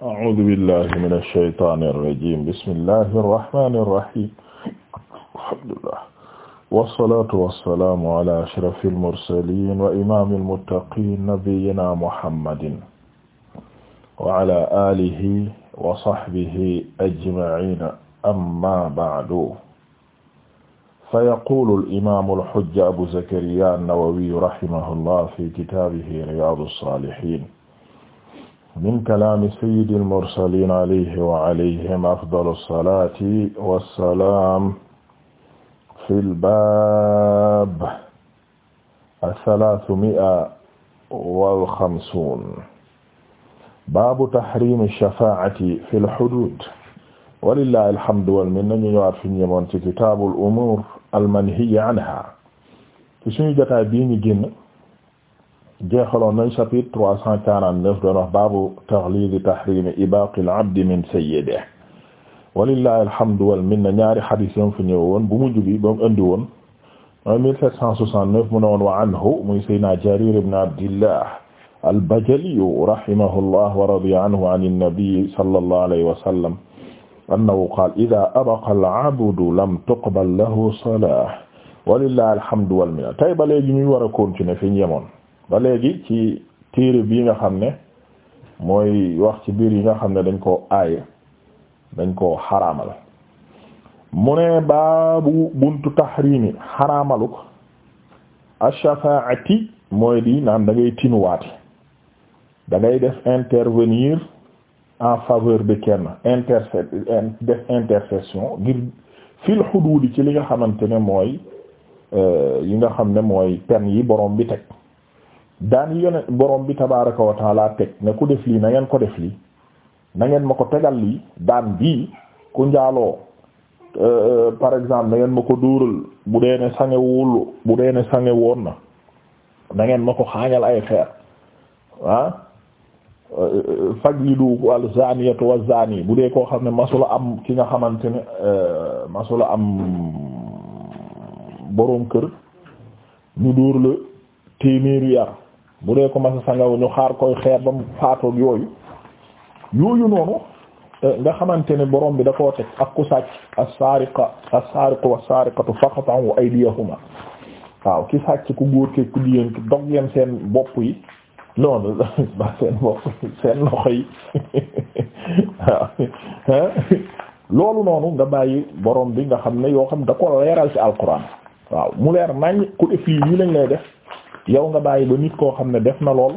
a'uuzu billahi mina shaytaani rajiim bismillahi rahmaani rahiim alhamdulillah wassalaatu wassalaamu alaa ashrafil mursaliin wa imaamil muttaqiin nabiyyinaa muhammadin wa alaa aalihi wa sahbihi ajma'iin ammaa ba'du fayaquulu al-imaamul hujja abu zakariyaa an-nawawi rahimahullah fi kitaabihi riyaadus saalihiin min kalaami sayyidil mursaliin alayhi wa alayhim afdalu salaati wa salaam fil baab asalaasu mi'a wal xamsuun baabu tahriimi shafaa'ati fil huduud walillaahi alhamdu wal minna ñu ñëwaat fi ñu yemoon ci kitaabul umuur al manhiyyi anhaa ci suñu jotaay bii ñu génn. jeexaloon nañ chapitre trois cent quarante-neuf doon wax baabu taxliidi tahrimi ibaaqil abdi min sayyidihi walillahi alhamdu wal minna ñaari xadiis yom fi ñëw woon bu mujj bi ba mu indi woon mooy mille sept cent soixante-neuf mu ne woon wa anhu muy sayyidina Jarir ibn Abdillah al-Bajali rahimahullah wa radiya anhu an an-nabi sallallahu alayhi wa sallam annahu qaala idaa abaqa al-abdu lam tuqbal lahu salaah walillahi alhamdu wal minna tey ba léegi ñuy war a continuer fi ñu yemoon ba léegi ci téere bii nga xam ne mooy wax ci biir yi nga xam ne dañ koo aaye dañ koo xaraamal mu ne baabu buntu taxrimi xaraamaluk ash-shafaa'ati mooy di naan da ngay tinuwaati da ngay def intervenir en faveur de kenn intercé def ngir fil xuduudi ci li nga xamante ne mooy euh, yi nga xam ne mooy pen yi borom bi teg daan yi yone borom bi tabaraka wa taala teg ne ku def lii na ngeen ko def lii nangeen ma ko tegal lii daan bii ku njaaloo euh, par exemple na ngeen ma ko dóoral bu dee ne sange wul bu dee ne sange woon na na ngeen ma ko xaañal ay xeer ah euh, fajlidu al zaniyatu wa zani bu dee koo xam ne masula am ki nga xamante ne euh, masula am boroom kër ñu dóor la téeméeri yar bu dee ko masa sangaw ñu xaar koy xeer ba mu faatoog yooyu yooyu noonu eh, nga xamante ne borom bi da koo teg ak ku sàcc as-sariqa as-sariqu was-sariqatu faqta'u aydiyahuma waaw ki sàcc ku góor ke ku jigéen ki dog seen bopp yi loolu ba seen bopp seen loxo yi waaw loolu noonu nga bàyyi borom bi nga xam ne yoo xam da ko leeral ci alquran waaw mu leer nañ ku def lii lañ lay def yow nga bàyyi ba nit koo xam ne def na lool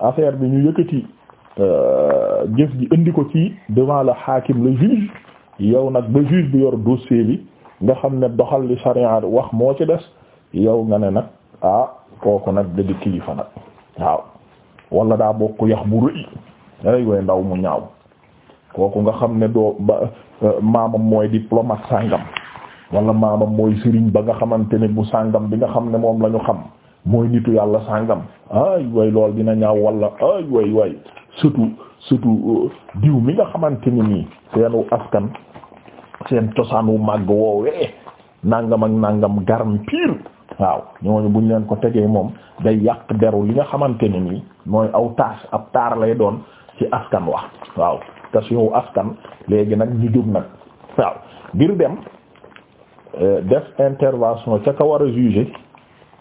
affaire bi ñu yëkkati euh, jëf gi indi ko ci devant le hakim le juge yow nag ba juge bi yor dossier bi nga xam ne doxal li sharia wax moo ci des yow nga ne nag ah kooku nag da di kilifa nag waaw wala daa bokk yax bu rëy ay way ndaw mu ñaaw kooku nga xam ne doo ba euh, maamam mooy diplomate sàngam wala maamam mooy sëriñ ba nga xamante ne bu sàngam bi nga xam ne moom lañu xam mooy nitu yàlla sàngam ay way lool dina ñaaw wala ay way way surtout surtout euh, diw mi nga xamante ni nii seenu askan seen cosaan wu màgg woowee nangam ak nangam garam piir waaw ñooñu buñ leen ko tegee moom day yàq deru li nga xamante ni nii mooy aw taas ab taar lay doon ci askan wax waaw tas yow askan léegi nag ñu jóg nag waaw ngir dem euh, def intervention ca ka war a juger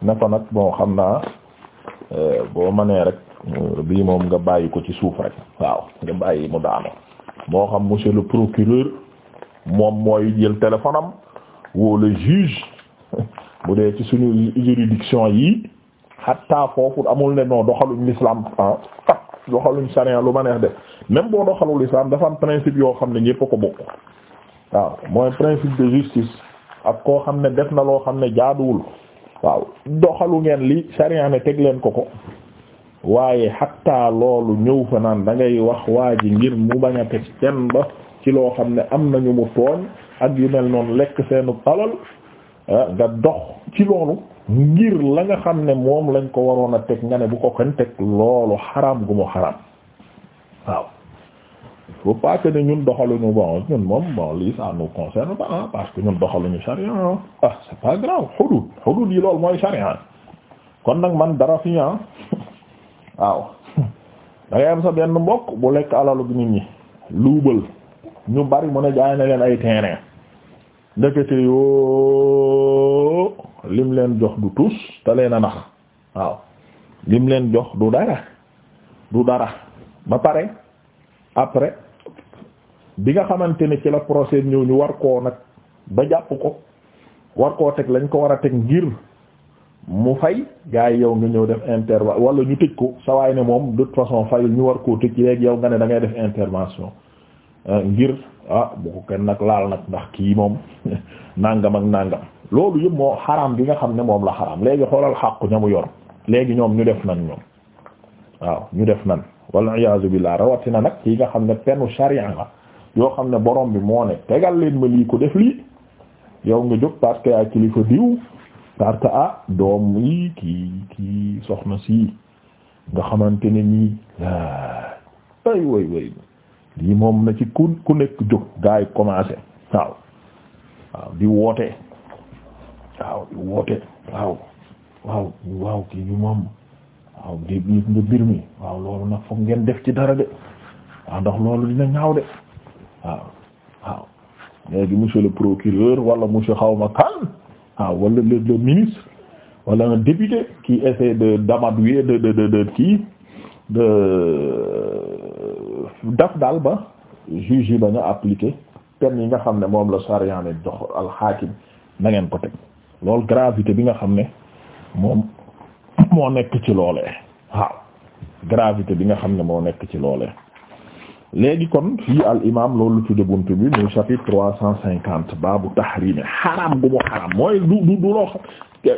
na ko nag bon xam naa euh, boo mënee rek euh, bii moom nga bàyyi ko ci suuf rek waaw nga bàyyi mu daano moo xam monsieur le procureur moom mooy jël téléphone am woo le juge bu dee ci suñu juridiction yi hatta foofu amul ne non doxaluñ l'islam ah kat doxaluñ sariya lu ma neex def même boo doxalul l'islam dafa principe yoo xam ne ñépp ko bokk waaw mooy principe de justice ak koo xam ne def na loo xam ne jaaduwul waaw doxalu ngeen li sariya ne teg leen ko ko waaye xatta loolu ñëw fa naan da ngay wax waa ji ngir mu bañ a teg kenn ba ci loo xam ne am nañu mu tooñ ak yu mel noonu lekk seenu alal ah, nga dox ci loolu ngir la nga xam ne moom lañ ko waroon a teg nga ne bu ko kenn teg loolu xaram gu mu xaram waaw il faut pas que ne ñun doxaluñu bon ñun moom bon lii ça nous concerne parce que ñun doxaluñu charia ah c'est pas grave xudud xudud yi loolu mooy charia kon nag man dara fi ah waaw da am sa benn mbokk bu lekk alalu nit ñi luubal ñu bari mu ne jaay na leen ay terrain ndekete yoo lim leen jox du tus te leen a nax waaw lim leen jox du dara du dara ba pare après bi nga xamante ne ci la procès ñëw ñu war koo nag ba jàpp ko war koo teg lañ ko war a teg ngir mu fay gaa yi yow nga ñëw def intervention wala ñu tëj ko sawaay ne moom de toute façon fayul ñu war koo tëj léegi yow nga ne da ngay def intervention euh, ngir ah bu ko kenn nag laal nag ndax kii moom nangam ak nangam loolu yëpp moo xaraam bi nga xam ne moom la xaraam léegi xoolal xàqu ñamu yor léegi ñoom ñu def nan ñoom waaw ñu def nan wal iyaazu rawatina nag yi nga xam ne penu sharia la yoo xam ne borom bi moo ne tegal leen ma lii ko def lii yow nga jóg parce que yaa kilifa diw parce que ah doom yi kii kii soxna si nga xamante ne nii ay way way lii moom na ci ku ku nekk jóg gaa yi commencé waaw waaw di woote waaw di woote waaw waaw kii bi moom waaw dégg nga mbir mi waaw loolu nag foog ngeen def ci dara de waaw ndax loolu dina ñaaw de waaw waaw léegi monsieur le procureur wala monsieur xawma kan waaw wala le le ministre wala un député essaie de d'amadouer de de de kii de daf daal ba juge yi ba nga appliquer peine yi nga xam ne moom la sariya ne jox alxaakim nangeen ko teg loolu gravité bi nga xam ne moom moo nekk ci loolee waaw gravité bi nga xam ne moo nekk ci loolee léegi kon fii al imam loolu tudde buntu bi muy chapitre trois cent cinquante baabu tahrimi xaram gu mu xaram mooy du du loo xam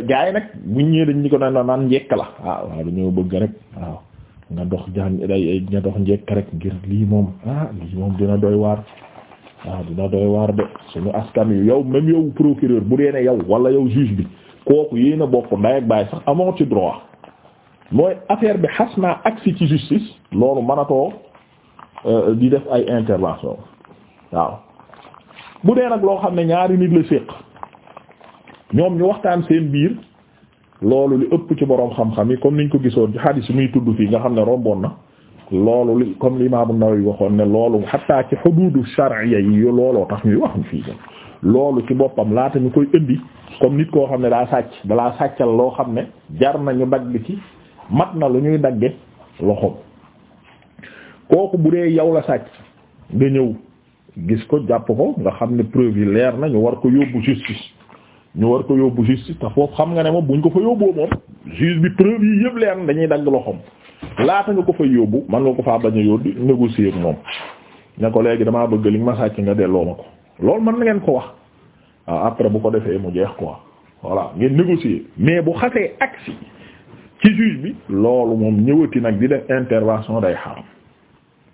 gaa yi nag buñ ñëwee dañ ñu ko naan naan njekk la waaw waaw bëgg rek waaw nga dox jaan day nga dox njekk rek ngir lii moom ah lii moom dina doy waar waaw dina doy waar de suñu askan yu yow même yow procureur bu dee ne yow wala yow juge bi kooku yéen a bokk ndey ak baay sax amoo ci droit mooy affaire bi xas naa agsi ci justice loolu mënatoo euh, di def ay intervention waaw bu dee nag loo xam ne ñaari nit la séq ñoom ñu waxtaan seen biir loolu li ëpp ci boroom xam-xam yi comme niñ ko gisoon ci xadiis yi muy tudd fii nga xam ne romboon na loolu li comme l'imam An-Nawawi waxoon ne loolu xataa ci xuduudu shar'iyya yi looloo tax ñuy loolu ci boppam laata ñu indi comme nit koo xam ne daa sàcc dalaa sàccal loo xam ne jar nañu dagg ci mat na lu ñuy dagge loxoom kooku bu dee yow la sàcc nga ñëw gis ko jàpp ko nga xam ne preuve yi leer na ñu war ko yóbbu justice ñu war ko yóbbu justice te foofu xam nga ne moom buñ ko fa yóbboo moom juge yi yëpp leer na dañuy dagg loxoom laata nga ko fa yóbbu man nga ko fa bañ a yóbbu négocier moom ne ko léegi damaa bëgg li ma sàcc nga delloo ma ko loolu mën na ngeen ko wax waaw après bu ko defee mu jeex quoi voilà ngeen négocier mais bu xasee agsi ci juge bi loolu moom ñëwati nag di def intervention day xaram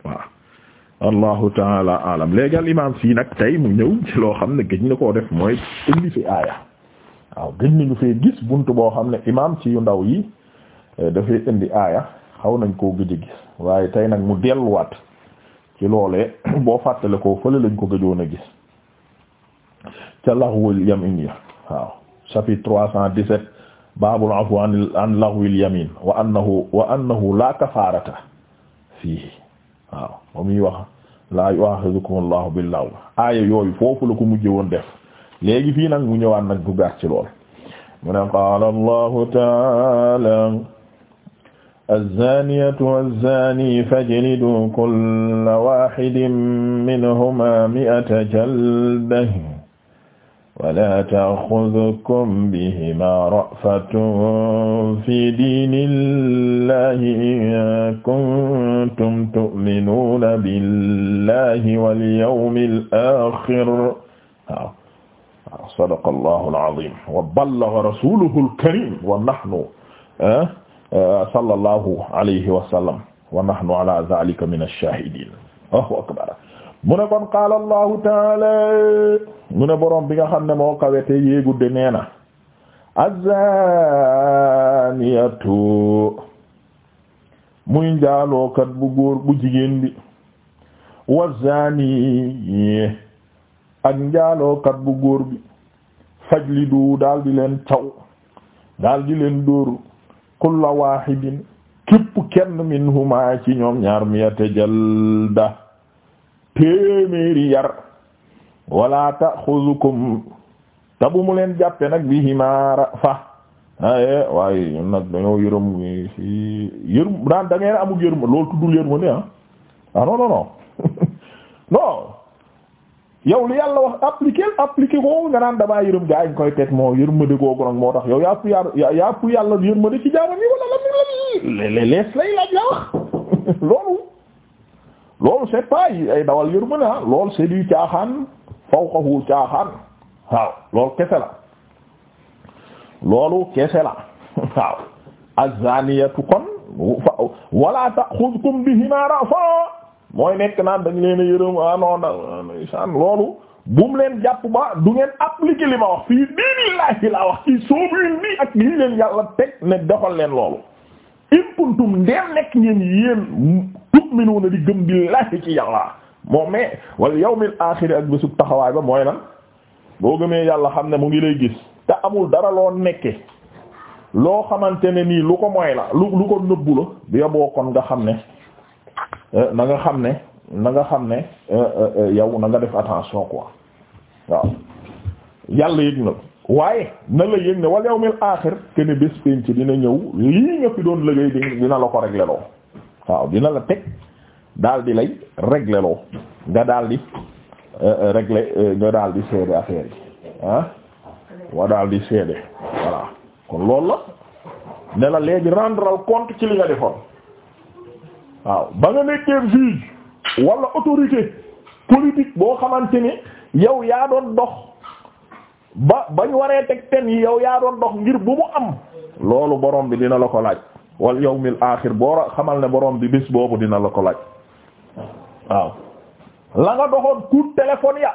voilà allahu taala alam léegi al imam fii nag tey mu ñëw loo xam ne gëj na koo def mooy indi fi aaya waaw gëj nañu fee gis buntu boo xam ne imaam ci yu ndaw yi eh, dafay indi aaya xaw nañ koo gëj a gis waaye tey nag mu delluwaat ci loolee boo fàttale ko fële lañ ko gëjoon a gis ca laxwul yam indi waaw chapitre trois cent dix-sept baabul afwi an lahwil yamin wa annahu wa annahu la kafarata fiihi waaw ba muy wax laa yu'akhidhukum allahu bil law aaya yooyu foofu la ko mujje woon def léegi fii nag mu ñëwaan nag dugaat ci lool mu ne qaala allahu taala الزانية والزاني فاجلدوا كل واحد منهما مئة جلدة wala taaxudukum bihimaa ra'fatun fi diinillaahi in kuntum tu'minuuna billaahi wal yawmil aaxir waaw waaw sadaqa allaahul aziim wa ballaga rasuuluhul kariim wa nahnu sallallaahu alayhi wa sallam wa nahnu alaa zaalika mina shaahidiin Allaahu akbar mu ne kon qaala allahu mu ne borom bi nga xam ne moo kawete yéegudde nee na azaniyatu muy njaalookat bu góor bu jigéen bi wa zani ak njaalookat bu góor bi fajlidu daal di leen caw dal di leen dóor kulla wahidin képp kenn minhuma ci ñoom ñaar miyate jalda téeméeri yar wala ta'xuzukum ta bu mu leen jàppe nag bi himaara fa ae eh, waaye ñun nag dañoo yërëm si yërëm daan da ngeen amul yërëm loolu tuddul yërëm ne ah ah non non non non yow li yàlla wax appliqué appliqué ko nga naan damaa yërëm gaa yi koy teg moo yërmande googu nag moo tax yow yaa pu yàlla yaa pu yàlla yërmande ci jaarale yi wala la lees lay laaj la wax loolu. loolu c'est pas ay dawal yërmande ah loolu c'est du caaxaan fawqahu caaxaan waaw loolu kese la loolu kese la waaw azaniyatu kon wala ta'khudhukum bihima rafa mooy nekk naan dañ leen a yërëm ah non non loolu bum leen jàpp ba du ngeen appliquer li ma wax fii diinillahi laa wax ci soobu nii ak lii leen yàlla teg ne doxal leen loolu in kuntum nekk ngeen yéen tu'minuuna di gëm billaahi ci yàlla moom mais wal yawmil aaxiri ak bésub taxawaay ba mooy lan boo gëmee yàlla xam ne mu ngi lay gis te amul dara loo nekke loo xamante ne nii lu ko moy la lu lu ko nëbbu la bi yaboo kon eh, nga xam ne na nga xam ne na xam ne yow na nga def attention quoi waaw yàlla yëg na waaye na la yëg ne wal yawmil aaxir kenn bés pénc dina ñëw lii nga fi doon liggéey dina la ko réglé loo waaw dina la teg daal di lay régler loo nga daal di euh, euh, régler euh, nga daal di seede wa ah, daal di seede kon loolu la ne la léegi rendre compte ci li nga defoon waaw ba nga nekkee juge wala autorité politique boo xamante ni yow yaa doon dox ba bañ waree teg ten yi yow yaa doon dox ngir bu mu am loolu borom bi dina la ko laaj wal yow yawmil aaxir boo xamal ne borom bi bés boobu dina la ko laaj waaw la nga doxoon coup téléphone ya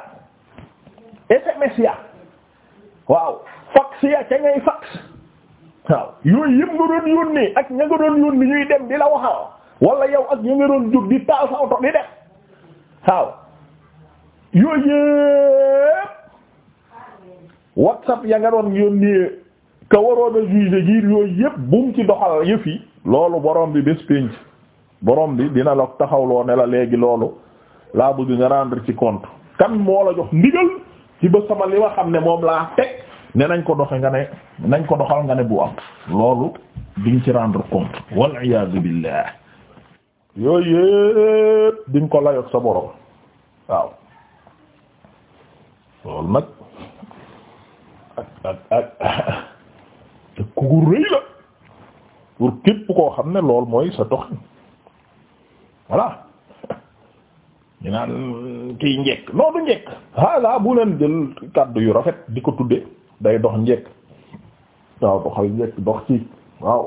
SMS ya waaw fax ya ca ngay fax waaw yooyu yëpp nga doon yónnee ak ña nga doon yónni ñuy dem di la waxal wala yow ak ña nga doon jóg di taal oto di dem waaw yooyu yëpp WhatsApp ya nga doon yónnee ka waroon a juger ngir yooyu yëpp bu mu ci doxal yëf yi loolu borom bi bés pénc borom bi dina la taxawloo ne la léegi loolu laa bëgg nga rendre ci compte kan moo la jox ndigal ci ba sama li wax am ne moom laa teg ne nañ ko doxe nga ne nañ ko doxal nga ne bu am loolu di ci rendre compte wal iyaazu billah yooyu yëpp di nga ko layoog sa borom waaw loolu nag te ku rëy la pour képp koo xam ne lool mooy sa dox voilà ñu naan euh, kiy njekk non njekk haala bu leen jël kàddu yu rafet di ko tudde day dox njekk waaw doxal njekk dox ci waaw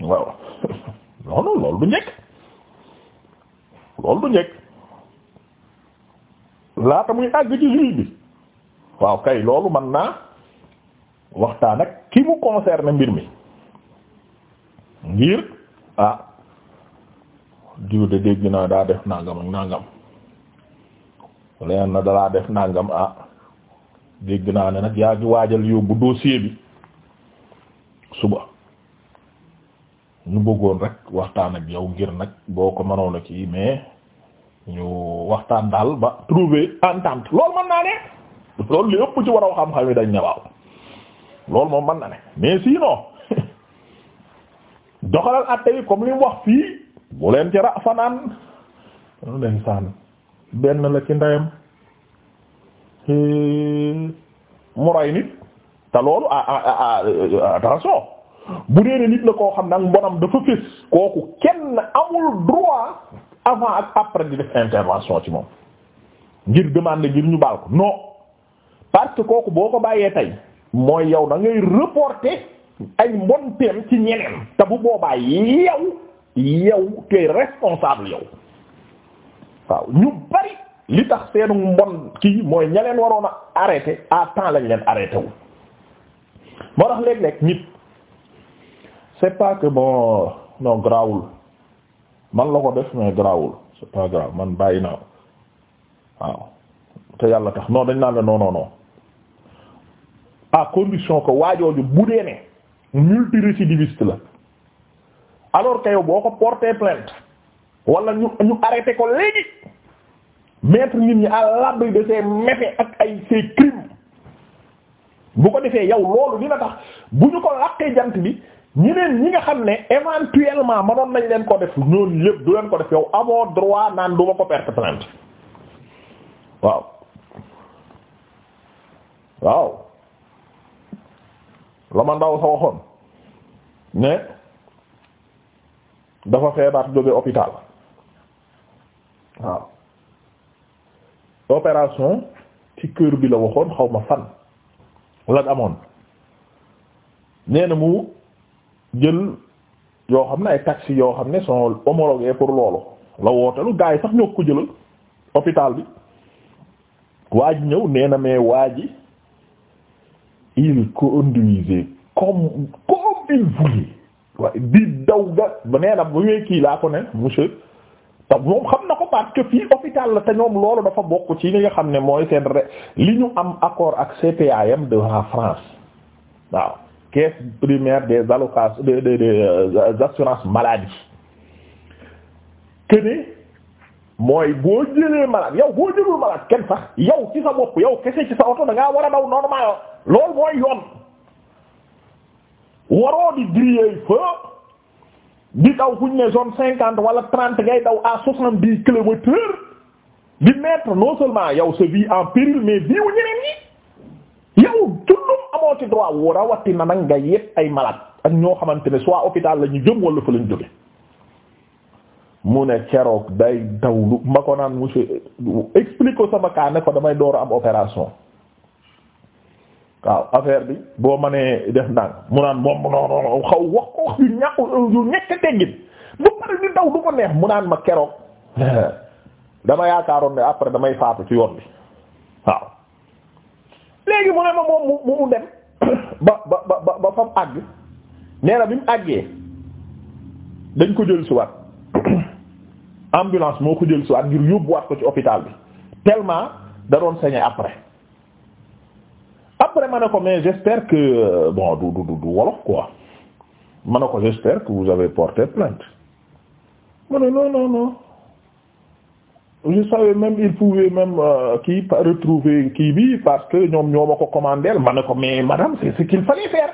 waaw non non du njekk loolu du njekk laata muy àgg ci juge bi waaw kay loolu man naa waxtaan ak ki mu concerne mbir mi ngir ah diw de dégg naa daa def nangam ak nangam leen na dalaa def nangam ah dégg naa ne nag yaa ngi waajal yóbbu dossier bi suba ñu bëggoon rek waxtaan ak yow ngir nag boo ko mënoon a kii mais ñu waxtaan daal ba trouver entente loolu mën naa ne loolu li ëpp ci war xam-xam yi dañ ne waaw loolu moom man na ne mais sinon doxalal atte yi comme li mu wax fii bu leen ci ra fanaan lu leen sànn benn la ci ndeyam mu rey nit te loolu a ah, ah, ah, euh, attention bu dee nit la koo xam nag mbonam dafa fés kooku kenn amul droit avant ak après di intervention ci moom ngir demander ngir ñu baal ko non parce que kooku boo ko bàyyee tey mooy yow da ngay reporter ay mbonteem ci ñeneen te bu boobaa yow yow tey responsable yow waaw ñu bari li tax seenu mbon kii mooy ña leen waroon a arrêté à lañ leen arrêté wu. moo tax léeg-léeg nit c'est pas que bon non grawul man la ko def mais grawul c'est pas grave man bàyyi naa waaw te yàlla tax noo dañ naan la non waa condition ko waajooju bu dee ne multirécidiviste la alors que boo ko porté plainte wala ñu ñu arrêté ko léegi mettre nit ñi à l'abri de ses ak ay ses crimes bu ko defee yow loolu dina tax bu ñu ko làqee jant bi ñeneen ñi nga xam ne éventuellement manoon nañ leen ko def ñoon lépp du leen ko def yow amoo droit naan du ma ko perte plainte waaw waaw la ma ndaw sa waxoon ne dafa feebar jóge hôpital waaw opération ci cœur bi la waxoon xaw ma fan la amoon nee na mu jël yoo xam ne ay taxi yoo xam ne sont homologués pour loolu la wootelu gars yi sax ñoo ko jëlal hôpital bi waa ñëw nee na mais waa ji il conduisait comme comme il voulait waaye di daw ga nee na bu ñuy kii laa ko ne monsieur te moom xam na ko parce fii hôpital la te ñoom loolu dafa bokk ci li nga xam ne mooy seen re li ñu am accord ak CPAM de la France waaw caisse primaire des allocations des des euh, assurances maladie que mooy boo jëlee malade yow boo jëlul malade kenn sax yow ci sa bopp yow kese ci sa oto da war a daw normal loolu mooy yoon waroo di griller feu di daw fuñ ne zone cinquante wala trente ngay daw a soixante-dix kilomètres di mettre non seulement yow sa vie en péril mais vie wu ñeneen ñi yow tuddum amoo ci droit wu rawati na nag nga yépp ay malade ak ñoo xamante ne soit hôpital la ñu jëm wala fa lañ jóge mu ne keroog day dawlu ma ko naan monsieur explique ko sama cas ko damay door am opération waaw affaire bi boo mënee def ndànk mu naan moom non xaw wax ko wax yu ñàkk yu ñekk teggin bu pare di daw du ko neex mu naan ma keroog dama yaakaaroon ne après damay faatu ci yoon bi waaw léegi mu ne ma moom mu mu dem ba ba ba ba fam àgg nee na bi mu àggee dañ ko jël siwaat ambulance moo ko jël siwaat ngir yóbbuwaat ko ci hôpital bi tellement da doon saigner après après ma ne ko mais j'espère bon du du du wolof quoi ma ne ko j'espère que vous avez porté plainte ma non non non je savais même il pouvait même euh, kii euh, retrouver kii bi parce que ñoom ñoo ma ko commandeel ma ne ko mais madame c'est ce qu'il fallait faire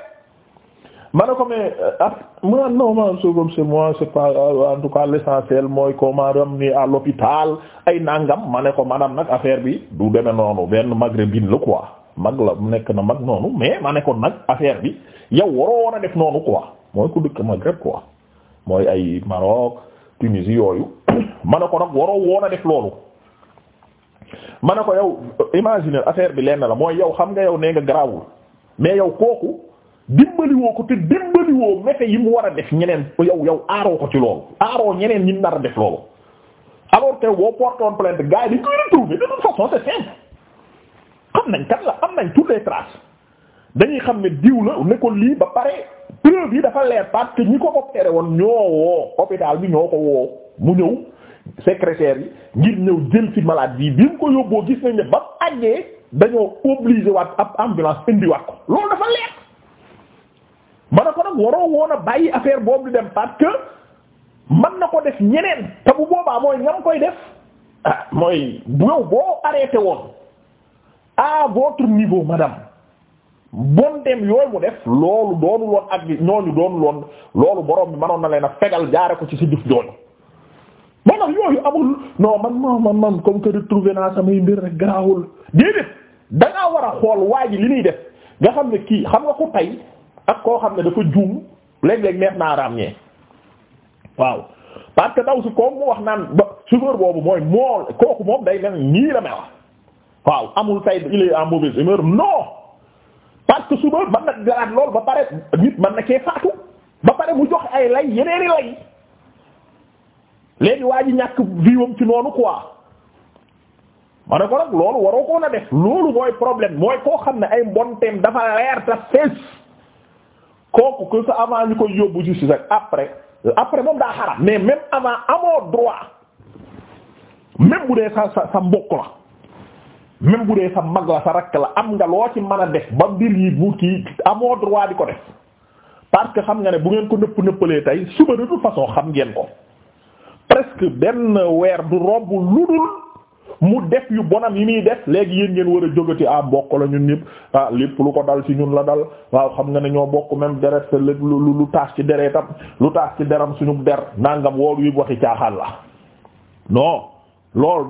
ma ne ko mais euh, ah moi non ma c'est comme c'est moi c'est pas euh, en tout cas l'essentiel mooy comment ramener à l'hôpital ay nangam ma ne ko madame nag affaire bi du deme noonu benn maghrébine la quoi mag la nekk na mag noonu mais ma nekkoon nag affaire bi yow waroo woon a def noonu quoi mooy ku dëkk Maghreb quoi mooy ay Maroc Tunisie yooyu ma ne ko nag waroo woon a def loolu. ma ne ko yow imagine affaire bi lenn la mooy yow xam nga yow nee nga garaawul mais yow kooku dimbaliwoo ko te dimbaliwoo méfe yi mu war a def ñeneen yow yow aaroo ko ci loolu aaroo ñeneen ñi nar a def loolu alors que boo porté woon plainte gars yi dañ koy retrouver de toute façon c'est am nañ kan la am nañ toutes les traces dañuy xam ne diw la ne ko lii ba pare preuve yi dafa leer parce que ñi ko opéré woon ñoo woo hôpital bi ñoo ko woo mu ñëw secrétaire yi ngir ñëw jël ci malade bi bi mu ko yóbboo gis nañ ne ba mu àggee dañoo obligé waat ab ambulance indiwaat ko loolu dafa leer ma ne ko nag waroo woon a bàyyi affaire boobu dem parce que man na ko def ñeneen te bu boobaa mooy ñam koy def ah mooy bu yow boo arrêté woon. à votre niveau madame bon dem yooyu mu def loolu doonu loon ak ñooñu doonu loon loolu borom bi manoon na leen a fegal jaare ko ci si jëf jooju moo man man comme que retrouvé naa samay mbir rek garaawul déedéet da li muy def nga ne kii xam nga ko tay ak koo xam ne dafa juum léeg-léeg neex naa waaw parce que daw si koom boobu mooy mool kooku moom day mel nii wax waaw amul tay il est en mauvaise humeur non parce que suba mën na garaat lool ba pare nit mën na cee faatu ba pare mu jox ay lay yeneeni lay léegi waa ji ñàkk viwam ci noonu quoi ma ne ko nag loolu waroo koo na def loolu mooy problème mooy koo xam ne ay mbonteem dafa leer ta fees kooku que sa avant ñu koy yóbbu justice ak après après moom daa xaram mais même avant amoo droit même bu dee sa sa sa mbokk la même bu dee sa mag la sa rakk la am nga loo ci mën a def ba mbir yi bu kii amoo droit di ko def parce que xam nga ne bu ngeen ko nëpp nëppalee tey suba de toute façon xam ngeen ko presque benn weer du romb lu dul mu def yu bonam yi muy def léegi yéen ngeen war a jógati ah bokk la ñun ñëpp ah lépp lu ko dal ci ñun la dal waaw xam nga ne ñoo bokk même deret sa lépp lu lu taas ci deretam lu taas ci deram suñu der nangam woolu yu waxi caaxaan la non loolu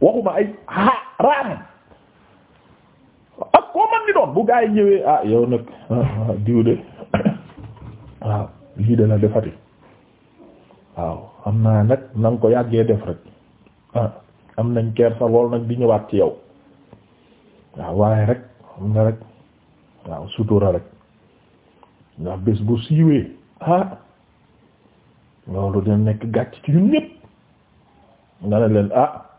waxuma ay haram ak koo man ni doon bu gaa yi ñëwee ah yow nag diw de waaw lii de la defati waaw am naa nag na nga ko yàggee def rek ah am nañ kersa lool nag di ñëwaat ci yow waaw waaye rek am nga rek waaw sutura rek ndax bés bu siiwee ah loolu dina nekk gàcc ci ñun ñépp nga ne leen ah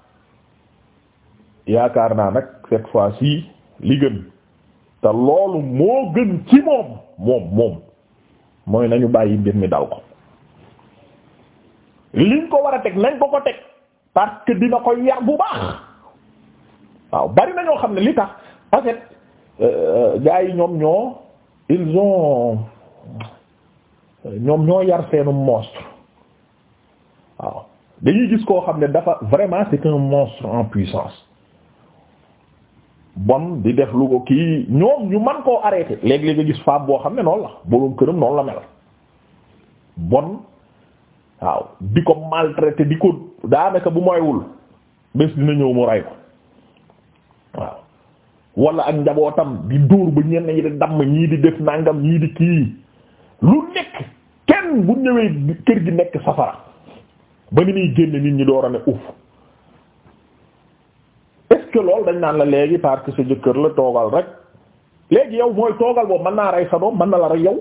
yaakaar naa nag cette fois-ci li gën te loolu moo gën ci moom moom moom mooy nañu bàyyi mbir mi dal ko liñ ko war a teg nañ ko ko teg parce que dina ko yar bu baax waaw bari na xam ne li tax en fait euh, yi ñoom ñoo ils ont ñoom ñoo yar seenu monstre waaw dañuy gis koo xam ne dafa vraiment c'est un monstre en puissance bon di def lu ko kii ñoom ñu man koo arrêté léeg-léeg nga gis femme boo xam ne noonu la boroom këram noonu la mel bon waaw di ko maltraité di ko daanaka bu moywul bés dina ñëw mu rey ko waaw wala ak njabootam di dóor ba ñenn ñi di damm ñii di def nangam ñii di kii lu nekk kenn bu ñëwee kër gi nekk safara ba ni muy génn nit ñi door a ne uff que lool dañ naan la léegi parce que sa jëkkër la toogal rek léegi yow mooy toogal boobu mën naa rey sa doom mën na la rey yow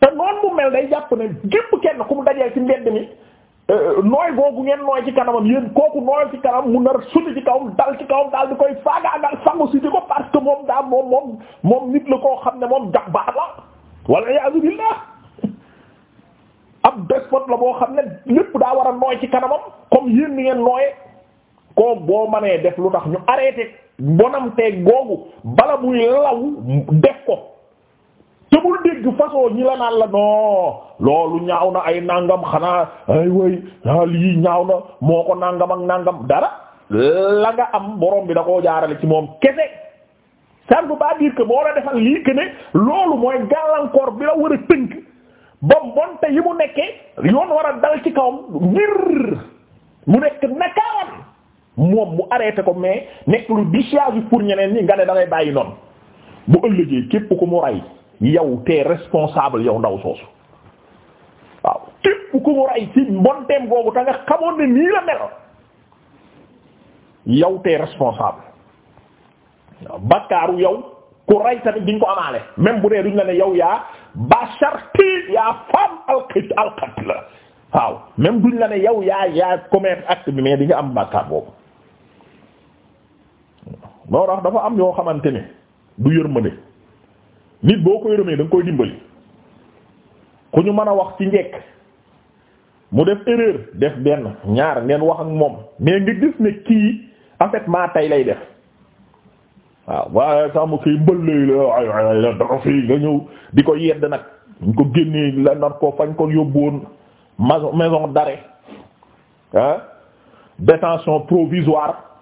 te noonu mu mel day jàpp ne gépp kenn ku mu dajeel ci mbedd mi euh, nooy googu ngeen nooy ci kanamam yéen kooku nooyal ci kanam mu nar suti ci kawam dal ci kawam daal di koy faagaagal sangu si di ko parce que moom daa moom moom nit la koo xam ne moom jax baax la walla iyaazu billaah ab despote la boo xam ne lépp daa war a nooy ci kanamam comme yéen ngeen nooyee koo boo mënee def lu tax ñu arrêté bonam teeg googu bala muy law def ko te bul dégg façon ñi la naan la non loolu ñaaw na ay nangam xanaa ay way a ah, ñaaw na moo ko nangam ak nangam dara la nga am borom bi da koo jaarale ci moom kese ça ne veut pas moo la defal lii que loolu mooy gàllankoor bi la war a tënk ba mbonte yi mu nekkee yoon war a dal ci kawam ngir mu nekk nakawam moom mu arrêté ko mais nekk lu dissuasif pour ñeneen ñi nga ne da ngay bàyyi noonu bu ëllëgee képp ku mu rey yow te responsable yow ndaw soosu waaw képp ku mu rey ci mbonteem googu te nga xamoon ne nii la mel yow t'es responsable waaw bakkaaru yow ku rey tamit diñ ko amaale même bu dee duñ la ne yow yaa basharti yaa femme alqit alqatl la waaw même duñ la ne yow yaa yaa commettre acte bi mais di nga am bàkkaar boobu moo tax dafa am yoo xamante ne du yërmande nit boo ko yërëmee da nga koy dimbali ku ñu mën a wax ci njekk mu def erreur def benn ñaar neen wax ak moom mais nga gis ne kii en tay lay def waaw waaye sax mu kii mbëllay la dafa fii nga ñëw di ko yedd nag ñu ko génnee la nar ko fañ ko yóbbuwoon maison maison d'arrêt ah détention provisoire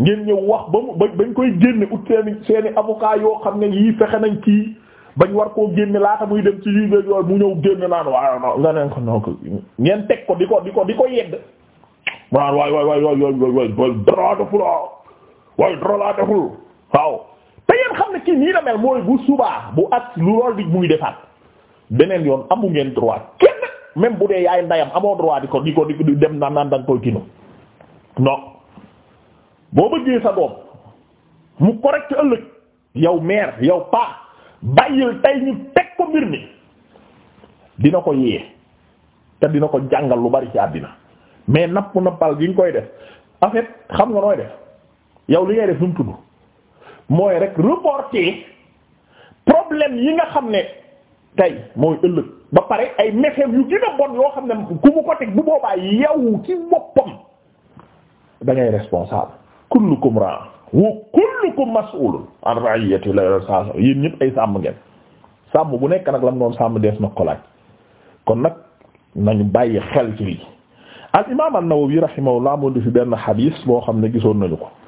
ngeen ñëw wax ba mu bañ koy génne ut seeni seeni avocat yoo xam ne yii fexe nañ ci bañ war koo génne laata muy dem ci juge yooyu mu ñëw génne naan waaw nga ko ngeen teg ko di ko di ko di ko yedd mu waay waay waay waay waay waay dara deful ah waay dara laa bu subaa bu at lu lool di muy defaat yoon amu ngeen droit bu dee yaay ndayam amoo droit di ko di ko di dem naan naan da nga koy kino non boo bëggee sa doom mu correct ëllëg yow mère yow paa bàyyil tey ñu teg ko mbir mi dina ko yee te dina ko jàngal lu bari ci àddina mais napp nappal gi nga koy def en fait xam nga nooy def yow li ngay def nu mu tudd mooy rek reporter problème yi nga xam ne tey mooy ëllëg ba pare ay méfaits yu gën bon yoo xam ne ku mu ko teg bu boobaa yow ci boppam da ngay responsable kullukum ra wa kullukum mas'ulun an ra'iyati la sa yéen ñëpp ay sàmm ngeen sàmm bu nekk nag lam doon sàmm dees na ko laaj kon nag nañu bàyyi xel ci lii al imam an-Nawawi rahimahullah moo di fi benn xadiis boo xam ne gisoon nañu ko